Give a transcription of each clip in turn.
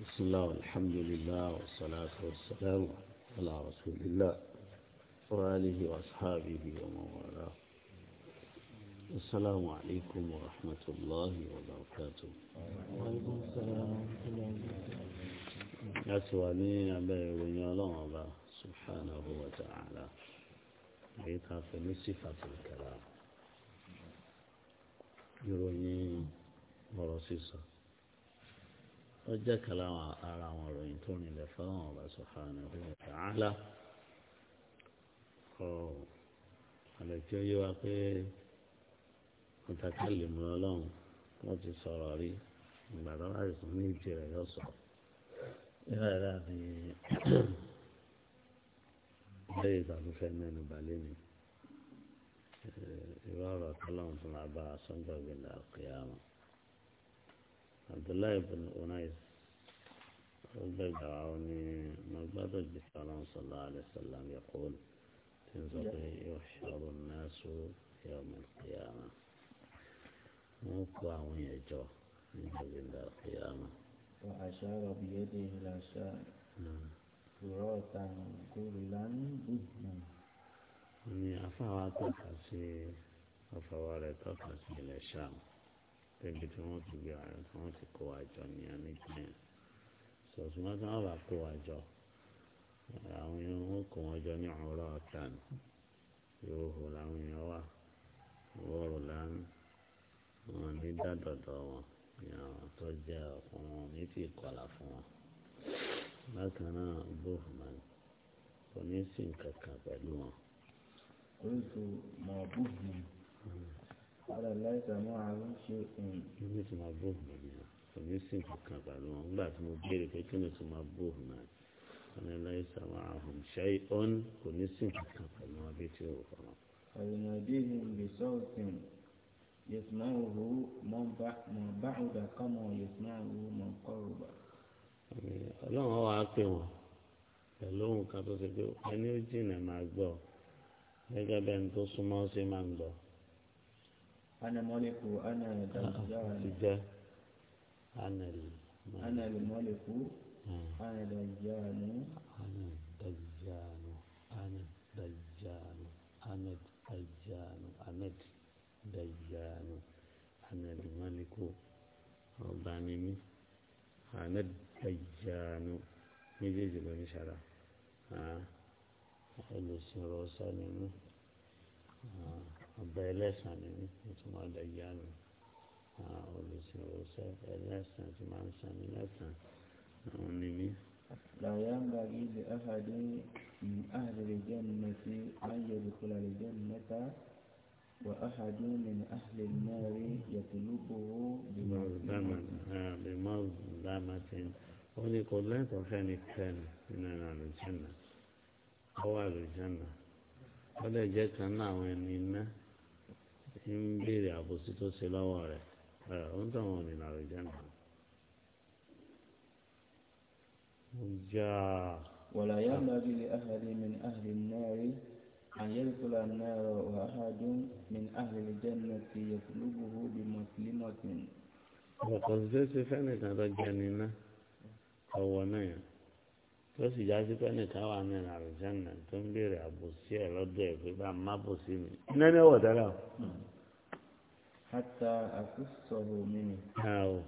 بسم الله الحمد لله والصلاة والسلام على رسول الله وآله وأصحابه ومن والاه السلام عليكم ورحمة الله وبركاته وعليكم السلام ورحمة الله وبركاته أسواني أبي ونيا سبحانه وتعالى عيطها في صفة الكلام يروني ورصيصة ó jẹ́ kan láwọn ara àwọn ìròyìn tó nílẹ̀ fáwọn ọba subhanahu wa ta'ala ọ àlẹ́ tí ó yé wa pé mutakallimu ọlọ́run wọ́n ti sọ̀rọ̀ rí ìgbà tó bá sùn ní ìdí rẹ̀ yóò sọ. ìgbà yẹn láti ilé ìtàkùnfẹ́ mẹ́nu balẹ̀ mi ìwé ọ̀rọ̀ tọ́lọ́run tó máa bá a sọ́jọ́ gbẹ̀dẹ̀ àkúyà wọn. Abdullahi bin Unais البيضاوني مقبض الجسلام صلى الله عليه وسلم يقول تنزقه يحشر الناس يوم القيامة موقع ويجو من عند القيامة وأشار بيده إلى شاء فراتا كلا إهما أفعى تقسي أفعى تقسي إلى شام تجد موت بيعة تموت قواجون يعني كنين ṣùgbọ́n tí bá kó wa àwọn èèyàn wọn kó wọn jọ ní ọ̀rọ̀ ọ̀tá ni yóò hù làwọn èèyàn wà wọ́ọ̀rù lánàá wọn ní dádọ̀dọ̀ wọn ní tó jẹ́ ọkùnrin wọn ní tí kọlà fún wọn bákan náà bófman kò ní sí nǹkan kan pẹ̀lú wọn. oríṣi mọ̀ bófman ara láìsàn mọ́ àrùn ṣe ń. níbi tí mo bófman kò ní sí nǹkan pàdé wọn nígbà tí mo béèrè pé kí ni tó máa bó òun náà wọn ní láì sàmà àhùn ṣe ọ́n kò ní sí nǹkan pàdé wọn bí tí ò fọmọ. àyìnàdéhùn lè sọ́ọ̀tìn yẹ̀sùmáwòrò mọ̀ bá ọ̀dà kọ́mọ yẹ̀sùmáwòrò mọ̀ kọ́rùbà. ọlọ́run wàá pè wọ́n pẹ̀lú ohun kan tó ṣe pé ẹni ó jìnnà máa gbọ́ gẹ́gẹ́ bẹ́ẹ̀ tó súnmọ́ ṣe máa ń gbọ́. ana mọ́lẹ́kù أنا الملك أنا الملك أنا الدجال أنا الدجال أنا الدجال أنا الدجال أنا الدجال أنا الملك رباني أنا الدجال ميجي جلو نشارة ها ni mí ọ̀bẹ ẹlẹ́sàn ni mí ìtumọ̀ dàjà olùsìn òwòsàn ẹlẹ́sàn tí máa ń san ní mẹ́sàn àwọn níbí. làyà ń bá ilé ahàdé ní ahàlẹ̀ jẹ́ mẹ́tí ayẹ̀lẹ̀ kọlà lè jẹ́ mẹ́ta wà ahàdé ní ahàlẹ̀ mẹ́rin yàtọ̀lúbọ̀wọ́ bímọ dámàtìn. ó ní kò lẹ́tọ̀ọ́ fẹ́nikẹ́ni nínú ẹ̀rọ àlùjẹ́nà ọwọ́ àlùjẹ́nà ó lè jẹ́ kan náà àwọn ẹni iná ń béèrè àbòsí tó ṣe lọ́wọ́ rẹ̀ òun tó àwọn ènìyàn àròjẹ náà. جاء ولا ينبغي لأحد من أهل النار أن يدخل النار وأحد من أهل الجنة يطلبه بمسلمة وقد ذات فعل ترجاننا هو نيا tó sì já sí pé nìkan wà ní àrùjánà tó ń béèrè àbòsí ẹ lọ́dọ̀ ẹ pé bá má bòsí mi. iná ní ọwọ́ dára o. Hmm hata àkúsọ̀rọ̀ mi ni. àwọn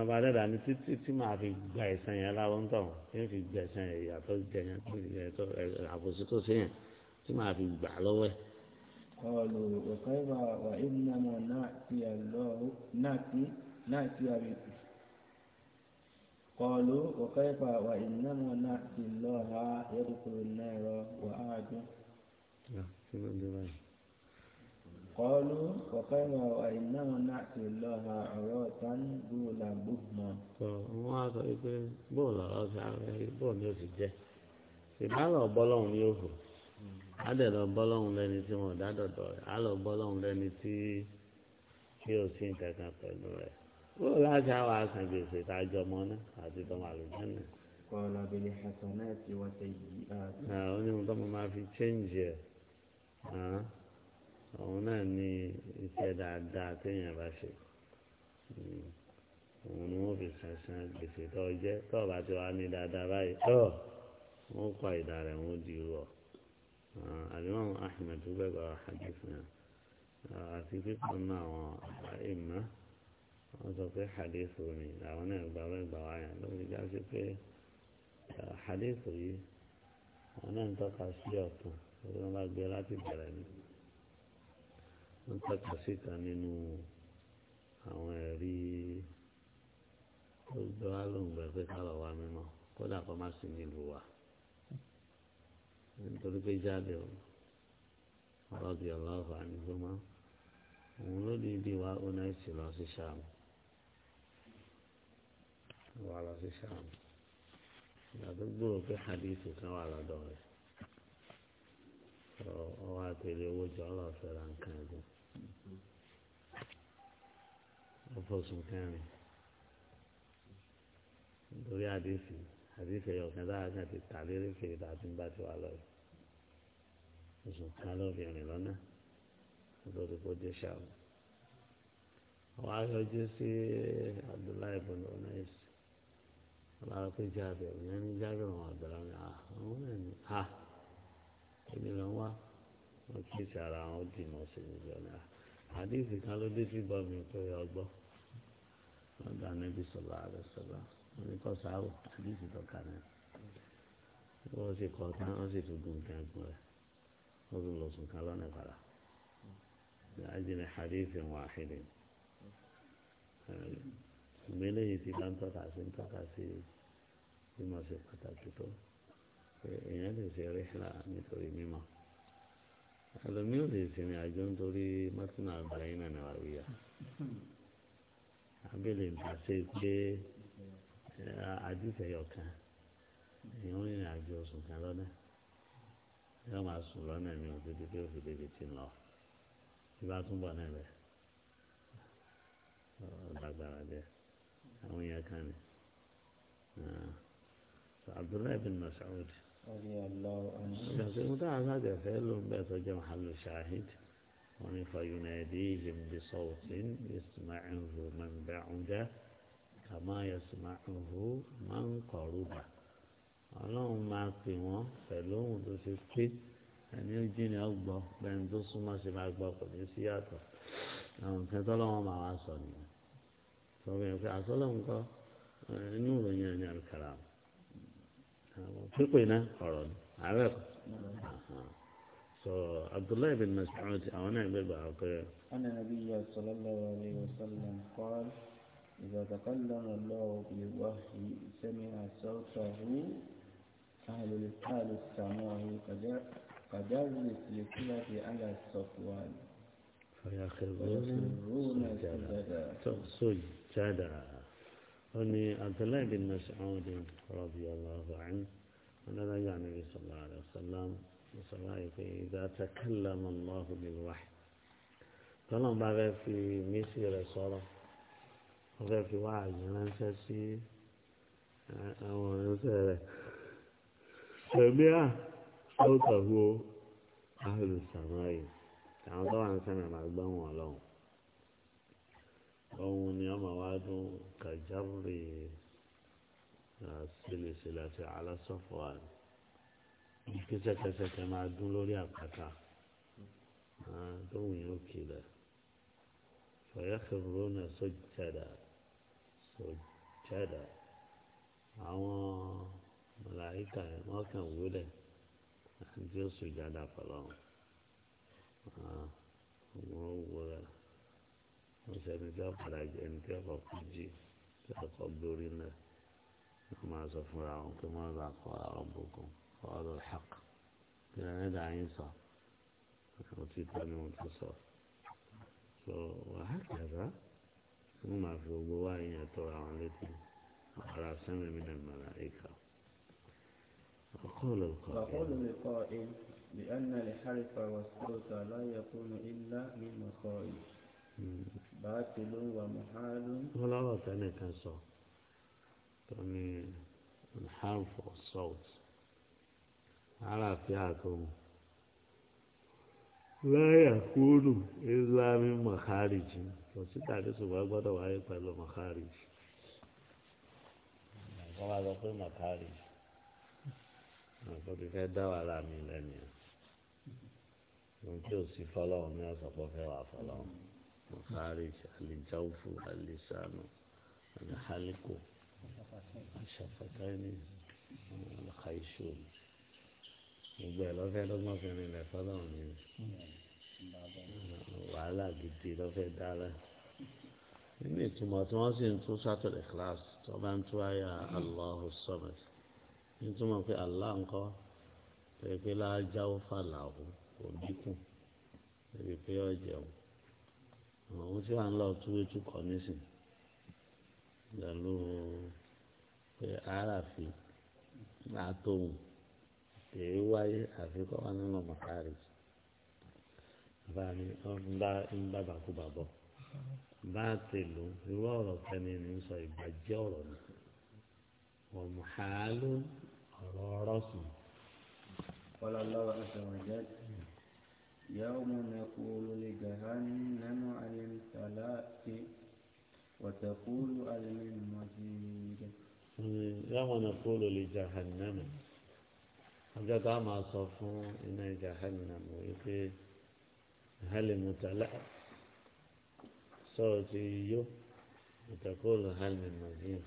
ọba dẹ́dà ni títí tí màá fi gba ẹ̀sán yẹn láwọn ń tàn yóò fi gba ẹ̀sán yẹn ìyàtọ̀ jẹ yẹn àbòsí tó ṣe tí màá fi gbà lọ́wọ́ ẹ̀. ọ̀lù ọ̀kẹ́wà wà ìnáwó náà ti àlọ́ọ̀ náà ti náà ti àbí. قالوا وكيف وإنما نأتي الله يدخل النار وأعد قالوا وقالوا وإنما نأتي الله عراة بولا بهما wọ́n á sọ wípé bóòlù ọ̀rọ̀ ti àwọn ẹ̀rí bóòlù yóò ti jẹ́ ìbálò bọ́lọ́hún yóò hù ádẹ̀lọ́ bọ́lọ́hún lẹ́ni tí wọ́n dádọ̀dọ̀ rẹ̀ álọ́ bọ́lọ́hún lẹ́ni tí kí o sí nǹkan kan pẹ̀lú rẹ̀ bóòlù àti àwọn àkàn gbèsè tá mọ́ náà òun náà ní iṣẹ́ dáadáa téèyàn bá ṣe hmm. òun ni wọ́n fi sàṣàn gbèsè tó jẹ́ tó bá ti wá ní dáadáa báyìí tó wọ́n kọ́ ìdá rẹ̀ wọ́n di rọ̀ àdéhùn ahmed gbẹ̀gbẹ̀ hadith náà àti pípọ̀ náà àwọn àìmọ́ wọ́n sọ pé hadith ni àwọn náà gbà wọ́n gbà wáyà lórí já sí pé hadith yìí àwọn náà ń tọ́ka sí ọ̀tún tó wọ́n bá gbé láti bẹ̀rẹ̀ ni ń tọ́ka síta nínú àwọn ẹ̀rí tó gbọ́ alóǹgbẹ pé ká lọ́ọ́ wá mímọ́ kódà kó má sí nílùú wa nítorí pé jáde ọlọ́dì ọlọ́ọ̀fà ní gbọ́mọ́ òun ló di ibi wa ó náà sì lọ sí sàmù wà lọ sí sàmù ìgbà tó gbòòrò pé hadith kan wà lọ́dọ̀ rẹ̀ pèlè owó jọ ọ̀rọ̀ fẹ́ ra nǹkan ẹ̀gùn ó fọ̀sùn kẹrin nítorí àdéhùn àdéhùn ẹ̀yọ̀ kan dára kan ti tà lérí kiri tàbí nígbà tí wàá lọ yìí oṣù kan lóbìnrin lọ́nà lórí kó dé ṣàwọn wàá yọjú sí Abdullahi ibùn onais ọlọ́run pé jáde ìyẹn ní jáde wọn àgbàlá ah, ni àwọn ọmọ ẹ̀ ha èmi lọ wá. wọ́n kí èsì ara wọn dì mọ́ sí níbi ọ̀nà àdéhùn kan ló dé sí bọ́ọ̀mù pé ọgbọ́ wọn dà níbi sọ̀lá rẹ̀ sọ̀lá wọn ní kọ́sà áwò àdéhùn tó kà náà wọ́n sì kọ́ tán wọ́n sì tún gùn kan gùn wọ́n tún lọ sùn kan lọ́nà ìfàlà àjẹnì àdéhùn wọn àhìnrìn ìgbélé yìí ti bá ń tọ́ka sí ń tọ́ka sí pàtàkì ẹlòmíì ò lè sìnrìn àjò nítorí mọ́tún àgbáyé náà náà wíyà abẹ́lẹ̀ ìgbàsẹ̀ pé àdìsẹ́yọ̀ kan èèyàn ń rìnrìn àjò oṣù kan lọ́nà yóò máa sùn lọ́nà mi ò títí pé òfin débi ti ń lọ bí bá túnbọ̀ náà bẹ̀ ọ̀dàgbàrà bẹ́ẹ̀ àwọn èèyàn kan ni Abdullahi bin Mas'ud ìṣàfihàn tá a sáàjẹ̀ fẹ́ ló ń bẹ̀ tó jẹ́ mahalu shahid wọn ni fayunadihim bi sawtin yasma'uhu man ba'uda kama yasma'uhu man qaruba ọlọ́run máa pè wọ́n pẹ̀lú ohun tó ṣe pé ẹni ó jí ni ó gbọ́ bẹ́ẹ̀ni tó súnmọ́ sí máa gbọ́ kò ní sí yàtọ̀ àwọn nǹkan tọ́lọ́wọ́n máa wá sọ nìyẹn sọ fún mi pé àsọ́lọ́ nǹkan inú ìròyìn ẹni àlùkàrà mu. فلقينا قرن على سو عبد الله بن مسعود او انا بالباقي ان النبي صلى الله عليه وسلم قال اذا تكلم الله بالوحي سمع صوته اهل الحال السماء فجازت لكل في على الصفوان فيخرجون سجدا سجدا هني عبد الله بن مسعود رضي الله عنه أن رجع النبي صلى الله عليه وسلم وصلى إذا تكلم الله بالوحي طلع بقى في مصر صلاة وقال في وعي ننسى أو ننسى سمع صوته أهل السماء كان طبعا سمع مع البن ولون òun ni ọmọ wa dún kàjáwìrì sílẹ̀sílẹ̀ àti alásọ̀fọ̀ àná kẹsẹkẹsẹkẹ máa dún lórí àpáta tóun yóò kìlẹ̀ fọyẹ́kẹ̀rọ̀ náà sọ́jàdà sọ́jàdà àwọn màláíkà mọ́kàn wúlẹ̀ àti ó sùjàdà fọlọ́run. 我我。ó sẹ́ni tí wọ́n padà jẹ́ ẹni tí ọkọ̀ kú jí tí ọkọ̀ gbórí náà wọ́n máa sọ fúnra wọn pé wọ́n bá kọ́ àwọn bùkún ọ̀rọ̀ hàk kí ni ẹ̀dá yín sọ àwọn tí ìtọ́ ni wọ́n ti sọ. sọ wàhálà tí wọ́n máa fi gbogbo wá yẹn tọrọ àwọn létí ara sẹ́mi mi nà mọ̀nà ìkà. وقول القائل بأن الحرف والصوت لا يكون إلا من مصائب bàtìlú wà mùhálù. wọ́n lọ́rọ̀ tẹ́lẹ̀ kan sọ tó ní harmful assault aláàfíà tó mu láyà kúrò islami makhariji kò sí tàbí ṣùgbọ́n gbọ́dọ̀ wáyé pẹ̀lú makhariji. wọ́n máa sọ pé makhariji àkọ́tù fẹ́ dá wàhálà mi lẹ́nu yẹn ohun tí ò sí fọlọ́run ní ọ̀sán pọ̀ fẹ́ wà fọlọ́run. الخارج الجوف اللسان الحلق الشفتين الخيشوم gbogbo ẹ lọfẹ lọgbọnfin ni ilẹ̀ fọlọ́run ni wàhálà gidi lọfẹ dára nínú ìtumọ̀ tí wọ́n sì ń tún sátọ̀lẹ̀ kíláàsì tó bá ń tún àyà aláhùn sọ́mẹ̀t nítumọ̀ pé aláà ń kọ́ pé pé láájáwó fàlàhùn kò dínkù ebi pé ọ̀jẹ̀wò àwọn tí wàá ń lọ tún ètò kọ nísìn pẹ̀lú pé aráàfin àtòhùn èyí wáyé àfikọ́ wà nínú mọ̀kárì bá ní ọ̀nba ń bá bàkúbà bọ̀ bá tèlú irú ọ̀rọ̀ kẹ́ni ní sọ ìbàjẹ́ ọ̀rọ̀ ni wọ́n ọ̀rọ̀ ọ̀rọ̀ sùn. wọ́n lọ lọ́wọ́ ẹsẹ̀ يوم نقول لجهنم عن الثلاث وتقول عن المزيد يوم نقول لجهنم هذا دعما صفون إن جهنم ويقي هل المتلاث صوتي يو وتقول هل من مزيد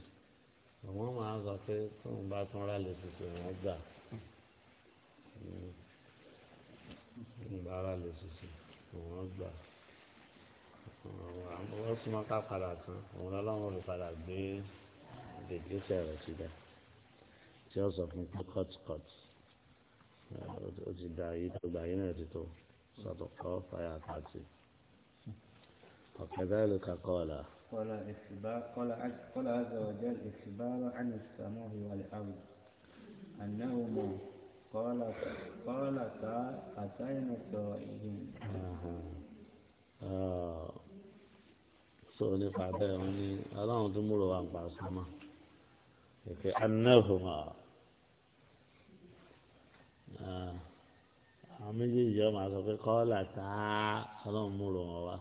وما ما عزقت ثم بعد ما رأيت سوى عزقت ìbára lè ṣiṣẹ́ òun gbà àwọn súnmọ́ ká padà tán òun lọ́lọ́run lè padà gbé ìgbésẹ̀ rẹ̀ síbẹ̀ tí ó sọ fún pé kọ́tìkọ́t ó ti da yìí tó gbà yìí náà ti tó sọ̀tọ̀ kọ́ fàyà pàtì ọ̀kẹ́dá ìlú kakọ́ ọ̀la. قال عز وجل إخبارا عن السماء والأرض أنه موجود kọ́làtà àtàyìnàtọ̀ ìhìn. so nípa bẹ́ẹ̀ wọ́n ní aláwọn tó múrò wà ń pa sọ́mọ́ ìfẹ́ anáhùnmá àwọn méjèèjì ọmọ àti ọ̀fẹ́ kọ́làtà aláwọn múrò wọn wá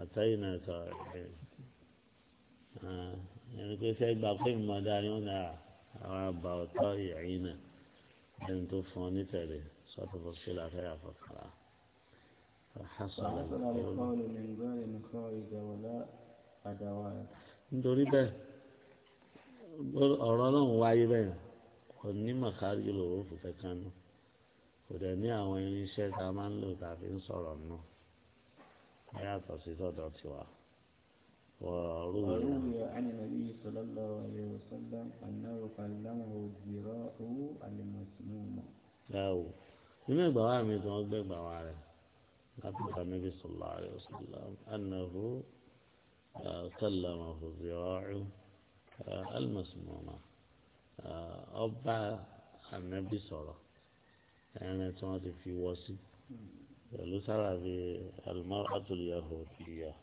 àtàyìnàtọ̀ ìhìn ẹni pé fẹ́ gbà pé ìmọ̀dá ni wọ́n náà àwọn àbà ọ̀tọ̀ náà ẹni tó fún ọ nítẹ̀lé sọ́tọ̀ bó ṣe láfẹ́ àfọ̀kàrà. nítorí bẹ́ẹ̀ ọ̀rọ̀ náà wáyé bẹ́ẹ̀ kò ní màkárí lòwò fòfẹ́ kánú kò dẹ̀ ní àwọn irinṣẹ́ tá a máa ń lò tá a fi ń sọ̀rọ̀ nù. ẹ yàtọ̀ sí sọ́dọ̀ tiwa. وروي عن النبي صلى الله عليه وسلم أنه كلمه الذراع المسمومة أو هنا ضاع من ذنوب قبل النبي صلى الله عليه وسلم أنه آه، كلمه الذراع آه، المسمومة آه، أبع النبي صلى الله عليه وسلم يعني في وسط قالوا ترى المرأة اليهودية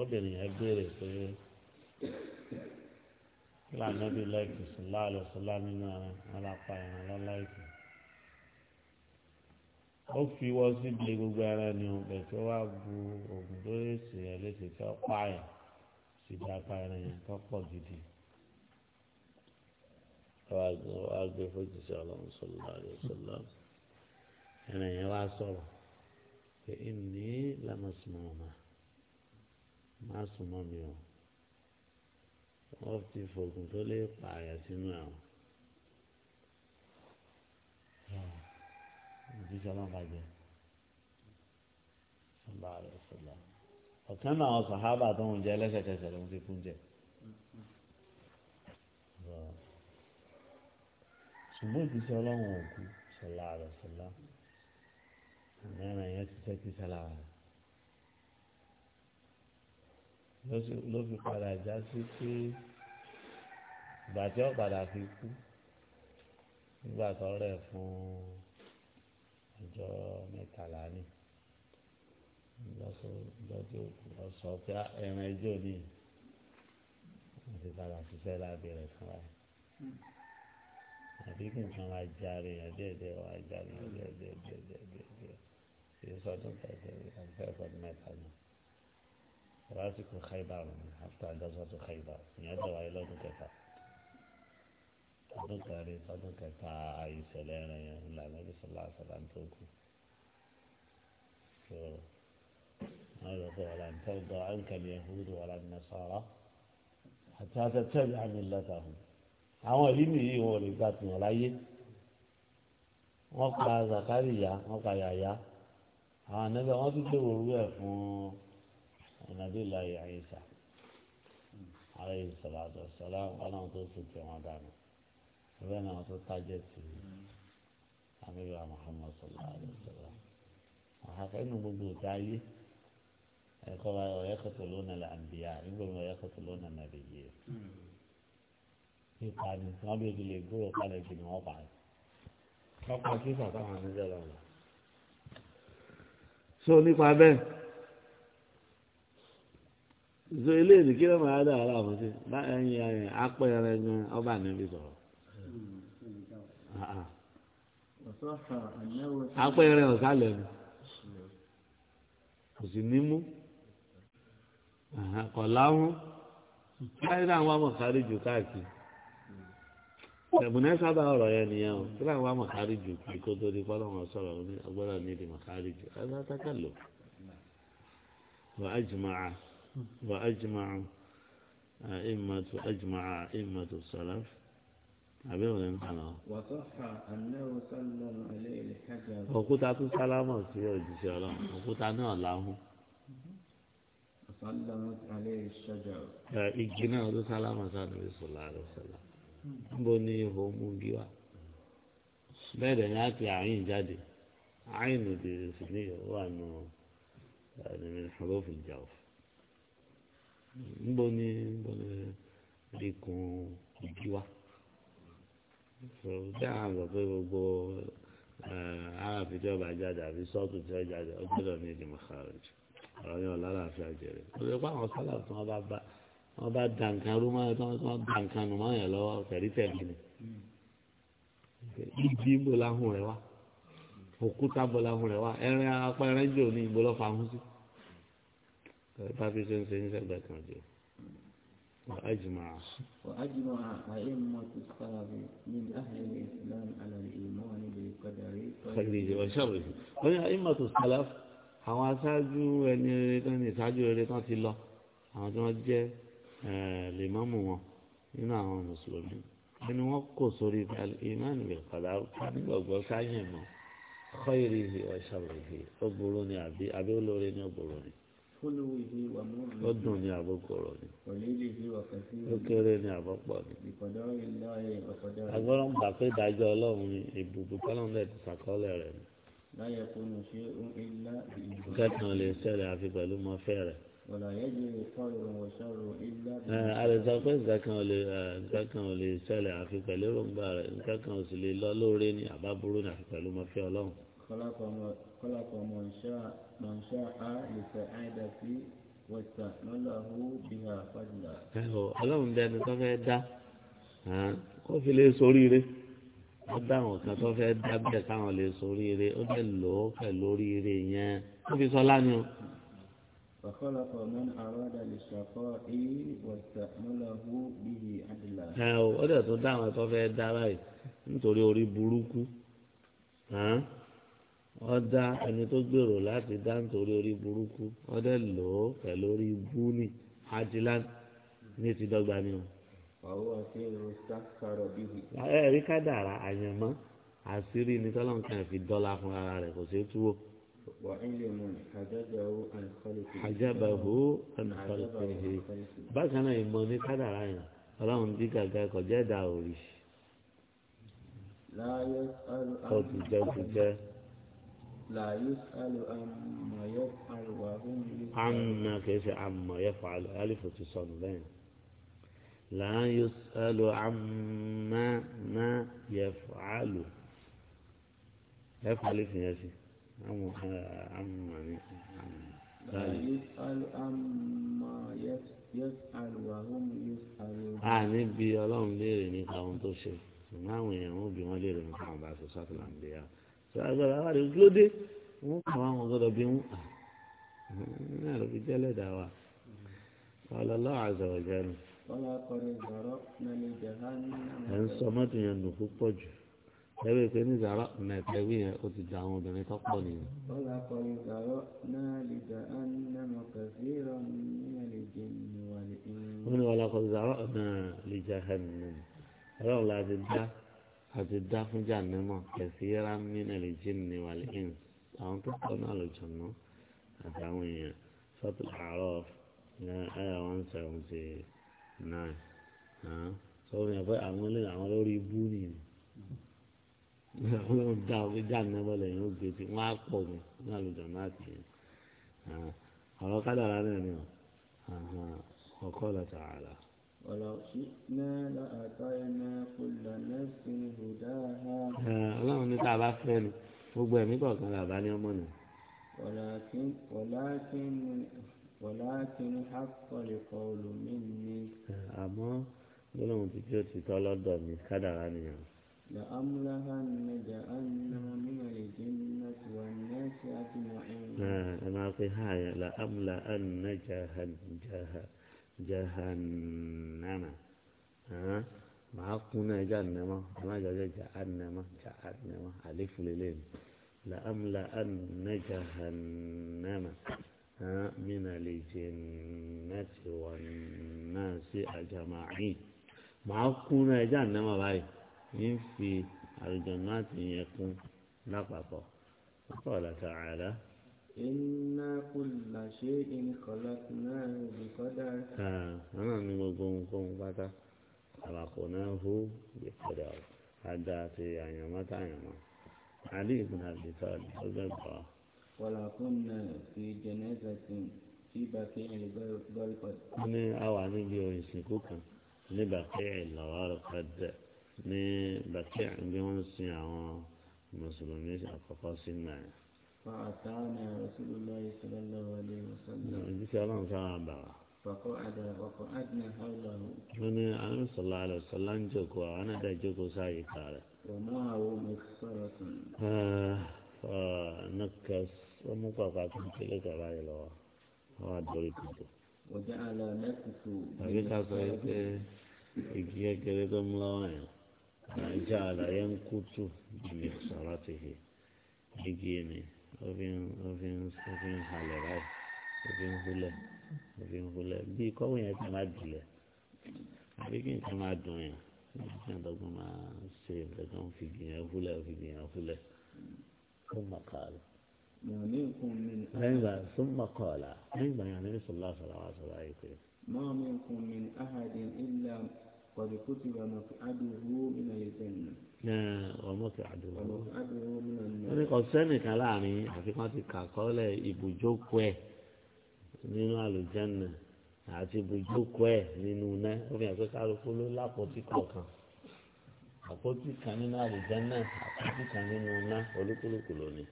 obìnrin yẹn béèrè pé ìlànà bí láìkì sọlá àlọsọlá nínú alápá ẹran lọláìkì ó fi wọ́n síbi gbogbo ara ni òun pẹ̀ tó wá bu oògùn tó lè sè é léṣe tó pààyàn síbi apá ẹran yẹn tó pọ̀ gidi wàá gbé fojì sí ọlọ́run sọlá àlọsọlá ẹran yẹn wá sọ̀rọ̀. فإني لمسمومة معصومة ميو وقتي فوق طلي قاعدة معه نبي سلام عليه صلى الله عليه وسلم وكان الصحابة تهم جالسة كسر في كونجة ṣùgbọ́n ìgbésí ọlọ́run òkú sọ̀lá àrẹ̀sọ̀lá ẹran yẹn ti tẹ́tí sálára ló fi padà já sí pé ìgbà tí ó padà fi kú nígbà tó rẹ̀ fún ọjọ́ mẹ́tàlá ni lọ́sọ̀ pé ah, ẹran ẹjọ́ ni àti padà ṣiṣẹ́ lábẹ́ rẹ̀ fún wa àbí kí wa járe yẹn wa járe yẹn يصعدون فأفضل ما يفعلون راسك الخيبر حتى عند صوت الخيبر يدعو إلى دكتا صدق عليه صدق تا أي سلامة يا الله النبي صلى الله عليه وسلم توكو هذا قول أن ترضى عنك اليهود ولا النصارى حتى تتبع ملتهم àwọn yìí nìyí wọn ò lè gbà tìyàn láyé àwọn ànábẹ́ wọ́n tún gbé wòrú ẹ̀ fún ànábẹ́ láyé àyíṣà àyè sọ̀làtọ̀ sọ̀là ọlọ́run tó sì tẹ̀ wọ́n dànù ìwé náà tó tájẹ̀ sí ànábẹ́ wa Muhammad sọ̀là àyè sọ̀là àhàfẹ́ inú gbogbo ìta ayé ẹ̀kọ́ wa ọ̀yẹ́kọ̀tọ̀ lónà làǹbíyà nígbà wọn ọ̀yẹ́kọ̀tọ̀ lónà nàbẹ̀yẹ ìpàdé wọn bí o ti lè gbúrò pálẹ̀ jù ni wọ́n pàdé wọ́n pa kí sàtàwọn àníjẹ́ lọ́wọ́. so nípa bẹ́ẹ̀ zo eléyìí kí ló máa dá ara àwọn sí báyìí ẹyin apẹ̀rẹ̀ gan ọba níbi sọ̀rọ̀ apẹ̀rẹ̀ ọ̀sálẹ̀ ni kò sì ní mú kọ̀ báyìí náà wọ́n mọ̀ kárí káàkiri. ẹ̀bùnẹ́ sábà ọ̀rọ̀ yẹn nìyẹn o kí láwọn wá màkárì jù kí kó tó di pálọ̀mọ̀ sọ̀rọ̀ ní agbọ́dọ̀ ní ìdí màkárì jù alátakà lò wà ájùmáà wà ájùmáà ìmàtú ájùmáà ìmàtú sọ̀rọ̀ àbí òun ń kànáà. òkúta tún sálámọ̀ sí òjìṣẹ́ ọlọ́run òkúta náà láhùn. igi náà tún sálámọ̀ sí àdúgbò sọ̀rọ̀ àdúgbò sọ̀rọ̀ níbo ni ihò mú bí wa bẹ́ẹ̀ dẹ̀ ni a ti àyìn jáde àyìn òde sì ní wà nù ẹ̀ẹ́dẹ̀mẹ̀rẹ̀fọ̀ ìjà òfin níbo ni níbo ni ikùn ìbí wa bí àwọn àgbà pé gbogbo aráàfi tí ọba jáde àbí sọ́ọ̀tù tí ó jáde ó ní ìdìmọ̀ kárẹ̀ ọ̀rọ̀ yẹn ọ̀làlàáfíà jẹrẹ ó lè pa sálà tí wọ́n bá bá wọ́n bá da nǹkan rú mọ́ ẹ̀tọ́ wọ́n nù mọ́ yẹn lọ́wọ́ tẹ̀rí tẹ̀mí ni. ibi ń bò láhùn rẹ wá òkúta bò láhùn rẹ wá ẹran apá ẹran jò ní ìbò lọ́fà ń sí. ẹ bá fi ṣe ń ṣe ń ṣẹgbẹ́ kan jù. وأجمع وأجمع أئمة السلف من أهل الإسلام على الإيمان بالقدر خيره وشره وأئمة السلف àwọn aṣáájú ẹni rere tán ní ìṣáájú rere tán ti lọ àwọn tí wọ́n jẹ́ lèmọ́mù wọn nínú àwọn mùsùlùmí ẹni wọn kò sórí ìmáàmù ìpàdánù nígbàgbọ́ káyìn mọ́ kọ́yìrì ọ̀ṣàwòrì ọgbòrò ni àbí àbí olóore ni ọgbòrò ni ó dùn ní àbókòrò ni ó kéré ní àbọ̀pọ̀ ni agbọ́dọ̀ ń gbà pé ìdájọ́ ọlọ́run ni ìbùkún kọ́lọ́run lè ti sàkọ́lẹ̀ rẹ̀ ni kẹ́tàn lè ṣẹlẹ̀ àfi pẹ̀lú mọ́fẹ́ rẹ̀ àlùsọ pé nǹkan kan ò lè nǹkan kan ò lè ṣẹlẹ̀ àfi pẹ̀lú èròǹgbà rẹ̀ nǹkan kan ò sì lè lọ lóore ní àbá burú ní àfi pẹ̀lú mọ́fẹ́ ọlọ́run. kọ́lákọ̀ ọmọ ìṣá á lè fẹ́ àìdá sí wẹ̀tà lọ́láhù bíhà fàdùlà. ọlọ́run dẹni tó fẹ́ dá kó fi lè soríire ó dá àwọn kan tó fẹ́ dá bẹ́ẹ̀ káwọn lè soríire ó dẹ̀ lò ó pẹ̀lú oríire yẹn ó fi sọ lánàá. فخلق من أراد للشقاء واستحمله به عدلا. ẹ o ó dẹ̀ tó dá àwọn tó fẹ́ dá báyìí nítorí orí burúkú ó dá ẹni tó gbèrò láti dá nítorí orí burúkú ó dẹ̀ lò ó pẹ̀lú orí búni adila ní ti dọ́gba ni o. ọwọ́ ṣe irun sákàrọ̀ bíbí. ẹ rí kádàrá àyànmọ́ àṣírí ni tọ́lọ́nkàn fi dọ́là fún ara rẹ̀ kò ṣeé túwò. وعلم حجبه عن خلقه حجبه عن خلقه بكنا انا يموني كذا راين اللهم دي كذا كجا داوريش لا يسأل عن جا لا يسأل عما يفعل وهم عما كيف عما يفعل ألف اتصال لا يسأل عما ما يفعل يفعل في نفسه عما يسأل عما يسأل وهم يسألون àní bí ọlọ́run léèrè nípa ohun tó ṣe ṣùgbọ́n àwọn èèyàn wọn bí wọ́n léèrè nípa àwọn àṣọ sátìlà ń bẹ̀yà ṣé agbára wà lè dúró dé wọn kà wọn gbọ́dọ̀ bí wọn ah, náà ló fi jẹ́lẹ̀ dà wá ọlọ́lọ́ àzọ̀wọ̀jẹ́ nu. ẹ̀ ń sọ mọ́tò yẹn nù púpọ̀ jù ẹ̀rọ ìpè ní zara ọ̀nà ẹ̀pẹ́ wí yẹn ó ti da àwọn obìnrin tó pọ̀ nìyẹn. bọ́lá kọrin zàrọ̀ náà lè dá ànínà mọ̀kàsí rọ̀ nínú lè jẹ́ nínú wa lè fi. wọ́n ní bọ́lá kọrin zàrọ̀ náà lè jẹ́ ẹ̀nìmọ̀ ẹ̀rọ ọ̀la ti dá àti dá fún jàǹdẹ́mọ̀ kẹ̀sí rà nínú lè jẹ́ nínú wa lè fi. àwọn tó pọ̀ náà lè jọ̀nà àtàwọn àwọn lórí ibú wọn da omi jáde bọ́lẹ̀ yẹn ó gbé tí wọ́n á pọ̀ mi ní àlùjọ náà tì í ọ̀rọ̀ kádàrá náà ni ọkọ̀ lọ́tà àlà. ọlọ́run ní tá a bá fẹ́ ni gbogbo ẹ̀mí kọ̀ọ̀kan làbá ní ọmọ nù. wọ́lákin hákọ̀lì kọlù mí ni. àmọ́ gbọ́dọ̀ mo ti kí o ti tọ́ lọ́dọ̀ mi kádàrá nìyẹn. لأملأن جهنم من الجنة والناس أجمعين. نعم، أنا في هاي لأملأن جهنم ها مع جهنم ما جاء جهنم جهنم ألف للين لأملأن جهنم من الجنة والناس أجمعين مع قنا جهنم باي ń fi àlùjànnú àti yẹn kún lápapọ̀ púpọ̀ lọ́tà àlá. iná kùlà ṣe ìkọlá náà ìbíkọ́dá. àwọn àmì gbogbo ohunkóhun pátá àlàkò náà hó ìbíkọ́dá ada àti àyànmọ́ tàyànmọ́ alẹ́ ìgbìmọ̀ àbíkọ́ ọgbẹ́ bọ̀. wọ́lá fún náà fi jẹ́nẹ́sà sí fíbà kí ẹ̀ gbọ́dọ̀. wọ́n ní àwa níbi òyìnbó kan nígbà pé ẹ̀ lọ́wọ́ rẹ̀ pẹ́ dẹ̀ ní bàkí àgbẹ̀ wọn sin àwọn mùsùlùmí àkọ́kọ́ sí náà. فأتانا رسول الله صلى الله عليه وسلم. الله تعالى wọ́n ní alamisala alasala ń jókòó àwọn anáda jókòó sáàyè kàrẹ́. nàkà ọmọ pàpà tó ń kéré kàrá yìí lọ́wọ́ wọ́n á dọ̀rí kùtù. àbí ká sọ pé igi kékeré tó ń جعل ينكت بمخصرته يجيني وفين وفين وفين حالة راي وفين هلا وفين هلا بي كون يتم عدلة àbíkí nǹkan máa dùn yàn nígbà tó gbọ́n máa ṣe nǹkan fi gbìyàn fúlẹ̀ fi gbìyàn fúlẹ̀ fún màkàlà. lẹ́yìn ìgbà fún màkàlà lẹ́yìn ìgbà yàn ní sọ̀lá sọ̀lá wa sọ̀rọ̀ àyè pé. máa mi kún mi ní ahàdì ilà قد كتب مقعده من الجنة ومقعده ومقعده من النار wọ́n ní kò sẹ́nìkan láàrin àfikún ti kàkọ́lẹ̀ ibùjókòó ẹ̀ nínú àlùjànnà àti ibùjókòó ẹ̀ nínú iná ó fi hàn pé kálukú ló lápótí kọ̀ọ̀kan àpótí kan nínú àlùjànnà àpótí kan nínú iná olúkúlùkù lónìí.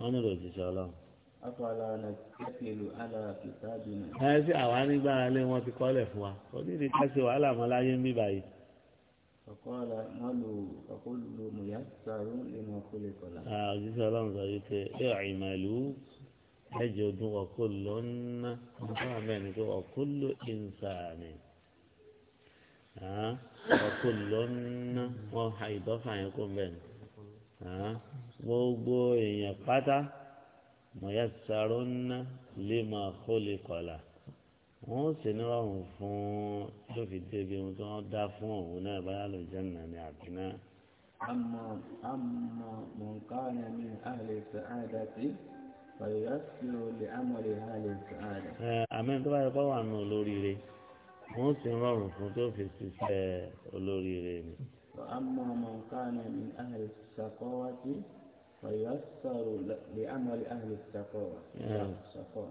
wọ́n ní lòdì sí ọlọ́run ẹ sí àwa nígbàrá lé wọn ti kọ́lẹ̀ fún wa kò ní ní ká ṣe wàhálà mọ́ láyé ń bí báyìí. ọ̀kọ́ra wọn lò ọ̀kọ́lù mọ̀yá sàrú lẹ́nu ọ̀kọ́lẹ̀ kọ̀lá. àjíṣe ọlọ́run sọ wípé ẹ ìmàlú ẹjẹ ọdún ọ̀kọ́lù ńnà nípa mẹ́rin pé ọ̀kọ́lù ìnsàní ọ̀kọ́lù ńnà wọn àìdọ́fà yẹn kó mẹ́rin gbogbo èèyàn pátá mọ̀yásárọ́nà lè máa kó lè kọ̀là wọ́n ó sì nírọ̀rùn fún tó fi débi ohun tí wọ́n dá fún òun náà báyà ló jẹ́ nà ní àbíná. àmọ́ àmọ́ mọ̀nkánà mi àlè sàádà sí ọ̀yọ́sìrò lè àmọ̀lè àlè sàádà. àmì tó bá wà nù olóríire wọ́n ó sì nírọ̀rùn fún tó fi ṣiṣẹ́ olóríire ni. àmọ́ mọ̀nkánà mi àlè sàkọ́wá sí. وييسر لعمل أهل الشقاوة الشقاوة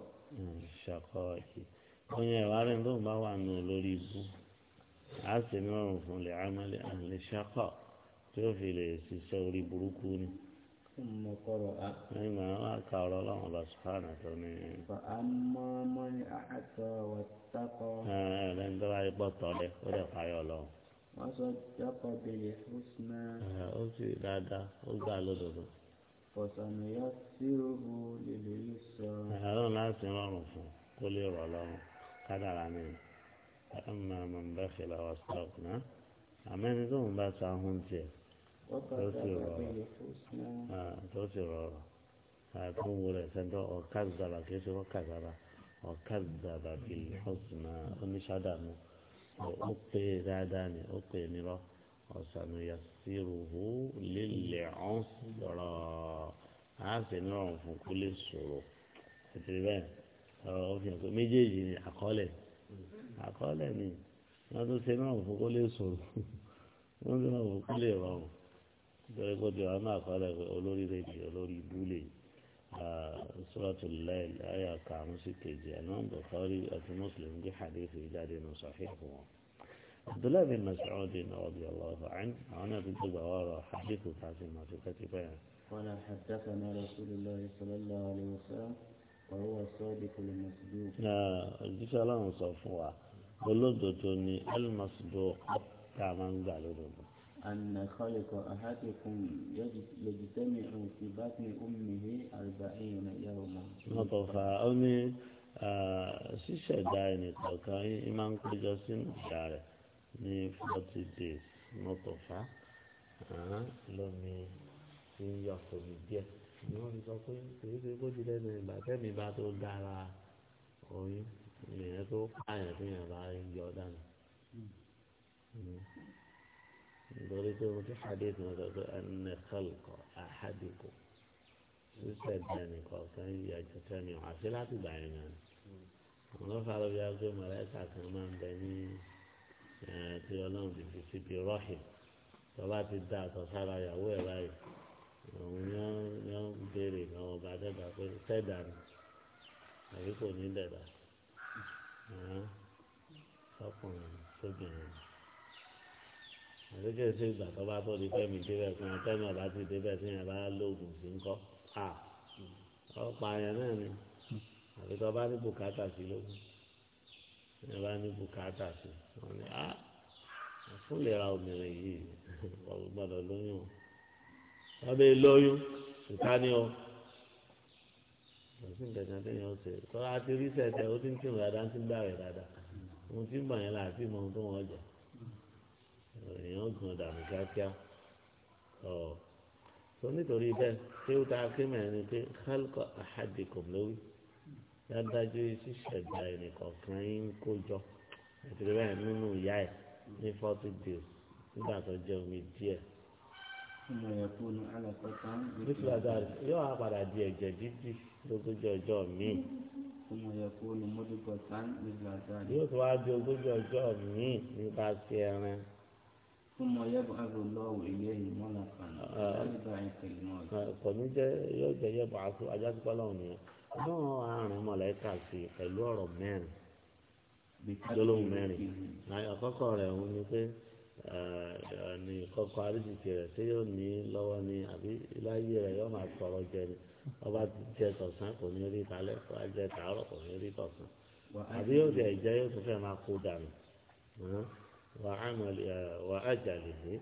الشقاوة mm, wọ́n yẹ wàá rìn tó ń bá wà nù lórí ibú a sì ní ọ̀rùn fún lè amálé àlè ṣákọ̀ tí ó fi lè ṣiṣẹ́ orí burúkú ni. nígbà wọn ká ọ̀rọ̀ ọlọ́run lọ sùpáànà tó ní. ẹ̀ẹ́dẹ́gbẹ́ tó bá yẹ pọ̀ tọ́ lẹ ó dẹ̀ fàyọ̀ lọ. wọ́n sọ jákọ̀ bèlè fún sinmi. ó sì dáadáa ó gbà lódodo fọ̀sànìyà sírùbù lèlè lè sọ. ẹ̀rọ láti rọrùn fún kó lè rọ̀ lọ́rùn kádàrà ni àmà mà ń bá fìlà wà sọ́ọ̀kù náà àmẹ́ni tó ń bá sa ahun tiẹ̀ tó sì rọrọ̀ àti wúrẹ̀ sẹ́ńtọ́ ọ̀kadàbà kìí ṣe ọ̀kadàbà ọ̀kadàbà bíi ọ̀sùnà oníṣàdánù ó pè é dáadáa ni ó pè é nírọ̀ ọ̀sànìyà sírùbù lèlè ọ̀sọ̀rọ̀ á sì ní ọ̀run fún kó lè sọ̀rọ̀ ètò bẹ́ẹ̀ ọ̀rọ̀ fi hàn pé méjèèjì ni àkọọ́lẹ̀ àkọọ́lẹ̀ ni wọ́n tún ṣe ní ọ̀run fún kó lè sọ̀rọ̀ wọ́n tún ọ̀run fún kó lè rọrùn nítorí kó ti ọ̀run àkọọ́lẹ̀ pé olórí rẹ̀ olórí ibú lè sọ́ọ̀tù ayà kàánú sí kejì àná bọ̀kọ́rí àti mùsùlùmí gbé hadith jáde nù sọ̀hìn fún wọn. عبد الله بن مسعود رضي الله عنه أنا تدبر حديث فاسم ما في كتبه قال حدثنا رسول الله صلى الله عليه وسلم وهو الصادق المصدوق لا جيش الله مصفوع بلدتني المصدوق تعمل بعلوم أن خلق أحدكم يجتمع في بطن أمه أربعين يوما نطفى أمي ṣíṣẹ̀ dá ẹnì kọ̀ọ̀kan yín máa ń péjọ sínú ìyá rẹ̀ ní forty days mọ́tòfá lómi ti ń yọ tòmí díẹ̀ ni wọ́n ti sọ pé kìí ṣe kó ti lẹ́nu ìgbà tẹ́mi bá tó dára oyún ìyẹn tó pààyàn tó yàn bá yọ dànù. Hmm. nítorí pé mo ti hadith náà sọ pé ẹnì kọlùkọ àhádìkù sísẹ dání kọ̀ọ̀kan yàjọ tẹ́mi wọn àti láti gbà yẹn náà àwọn lọ́fà ló bí agbé mọ̀lẹ́ta kan máa ń bẹ ní tí ọlọ́run ti fi síbi rọ́ọ̀hìn tó bá ti dá àtọ̀ sára ìyàwó ẹ̀ báyìí òun ni wọ́n ń béèrè lọ́wọ́ ọba dẹ́dà pé sẹ́dà ni àbí kò ní dẹ̀dà sọkùnrin sóbìnrin àdékè sí ìgbà tó bá tó di fẹ́mi débẹ̀ fún wọn tẹ́mi ọba ti débẹ̀ sí yẹn bá lóògùn sí ńkọ́ à ọ̀pá yẹn náà ni àbí tó bá ní bùkátà sí lóògùn yẹn bá ní bùkátà sí wọn ni à fún ìlera obìnrin yìí wọ́n lóyún o wọ́n bẹ lọ́yún ìta ni ọ. òsì nǹkan tó yàn ó ṣe tó a ti rí sẹ̀sẹ̀ ó ti ń kírun dáadáa ti ń gbà rẹ̀ dáadáa ohun tí ń bà yẹn láti mọ ohun tó wọ́n jẹ èèyàn gan dànù kíákíá ọ tó nítorí bẹ́ẹ̀ pé ó ta akémẹ̀ ni pé kálukọ àhàdìkọ̀ lówí dájú ṣíṣẹ̀dá ẹnìkọ̀ọ̀kan yín kó jọ ìtìrẹ́bẹ̀ nínú ìyá ẹ̀ ní forty days nígbà tó jẹ́ omi díẹ̀ nítorí àdáyé yóò wá padà di ẹ̀jẹ̀ dídì lógójì ọjọ́ míì. yóò tún wá di ogójì ọjọ́ míì nípa sí ẹran. kò ní jẹ́ yóò jẹ́ yẹ bàásù ajásíkọ́ lọ́wọ́ nìyẹn náà àárín mọ̀lẹ́kà sí pẹ̀lú ọ̀rọ̀ mẹ́rin gbólóhùn mẹ́rin àkọ́kọ́ rẹ̀ òun ni pé ní kọ́kọ́ àríṣìṣì rẹ̀ tí yóò ní lọ́wọ́ ni àbí láyé rẹ̀ yóò máa tọrọ jẹ ni ọba jẹ tọ̀sán kò ní rí talẹ́ ọba jẹ tààrọ̀ kò ní rí tọ̀sán àbí yóò jẹ ìjẹ yóò tún fẹ́ máa kó dànù wà á jàlè ní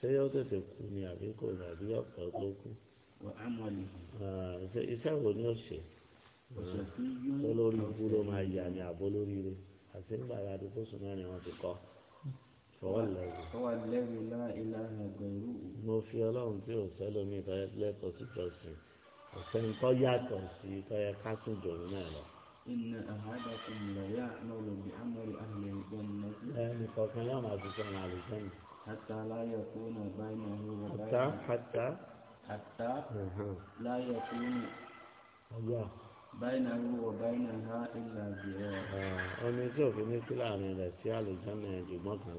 ṣé yóò tètè kú ni àbí kò ní àbí yóò pẹ́ tó kú. iṣẹ́ wo ni ó ṣe tó lórí ló máa yà ní àbó lóríire àti nígbà yàtọ̀ tó sùn náà ni ti kọ́ mo fi ọlọ́run tí ò sẹ́lómi ìtọ́jú lẹ́kọ̀ọ́ sí jọ́sìn ọ̀sẹ́ni tó yàtọ̀ sí tọ́yẹ ká tún jòrò náà lọ. inna ahadakum la ya'malu bi amali ahli al-jannati. ẹnì kọ̀ọ̀kan yóò máa fi sọ̀rọ̀ àlùjẹ́nì. hatta la yakuna baynahu wa baynahu. hatta hatta. hatta la yakuna. ọgbà. baynahu wa baynaha illa zira. ọ̀nà tí òfin ní sílẹ̀ àmì sí àlùjẹ́nì ẹ̀ jùgbọ́n kan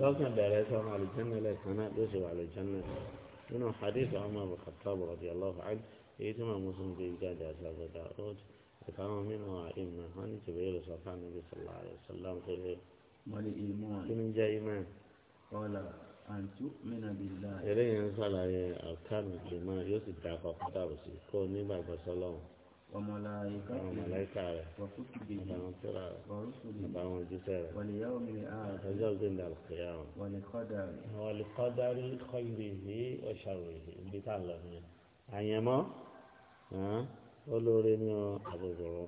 lọ́kàn bẹ̀rẹ̀ sọ ọmọ àlùjẹ́nà lẹ́ẹ̀kan náà ló sì wà àlùjẹ́nà nínú hadith ọmọ Khattab radiyallahu anhu èyí tí màmú sùn gbé jáde àti àgbàdà ọd ìkàwọn mìíràn wà ìmọ̀ wọn ní tìbẹ̀ yẹlò sọ fún àníbi sallallahu alaihi wasallam pé kí ni jẹ́ ìmọ̀ eléyìí ń sàlàyé àkànnì ìmọ̀ yóò sì dá akọ وملائكته وملائكته وكتبه وعلوم الجسر واليوم الآخر وجود القيامة ولقدر ولقدر خيره وشره بتعلم أيما ها olórí ni ọ àbòbòrò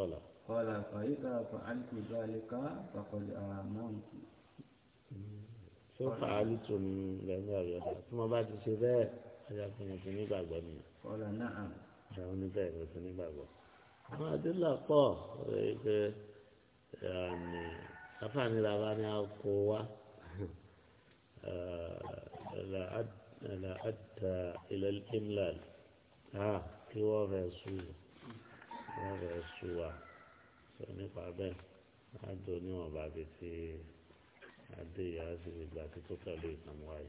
ọlọ. ọlọ fàyíkà fàáǹtì bàlíkà fàkọlì àmọ́ǹtì. ṣé fàálì tó ní lẹ́yìn ọ̀rẹ́ ọ̀dà tí mo bá ti ṣe bẹ́ẹ̀ ọjà fìyànjú nígbàgbọ́ nìyẹn. ọlọ náà àwọn oníbẹ̀rẹ̀ kò sí nígbàgbọ́ àwọn adúlá pọ̀ rẹ̀ pé àmì afáàní làbá ni a kó wa ẹ̀là àdà ilẹ̀ imlal a kí wọ́n fẹ́ su wọ́n fẹ́ su wa sọ nípa bẹ́ẹ̀ á dùn níwọ̀nba bíi ti adéyà á sì gbà tó tó pẹ̀lú ìtàn wáyé.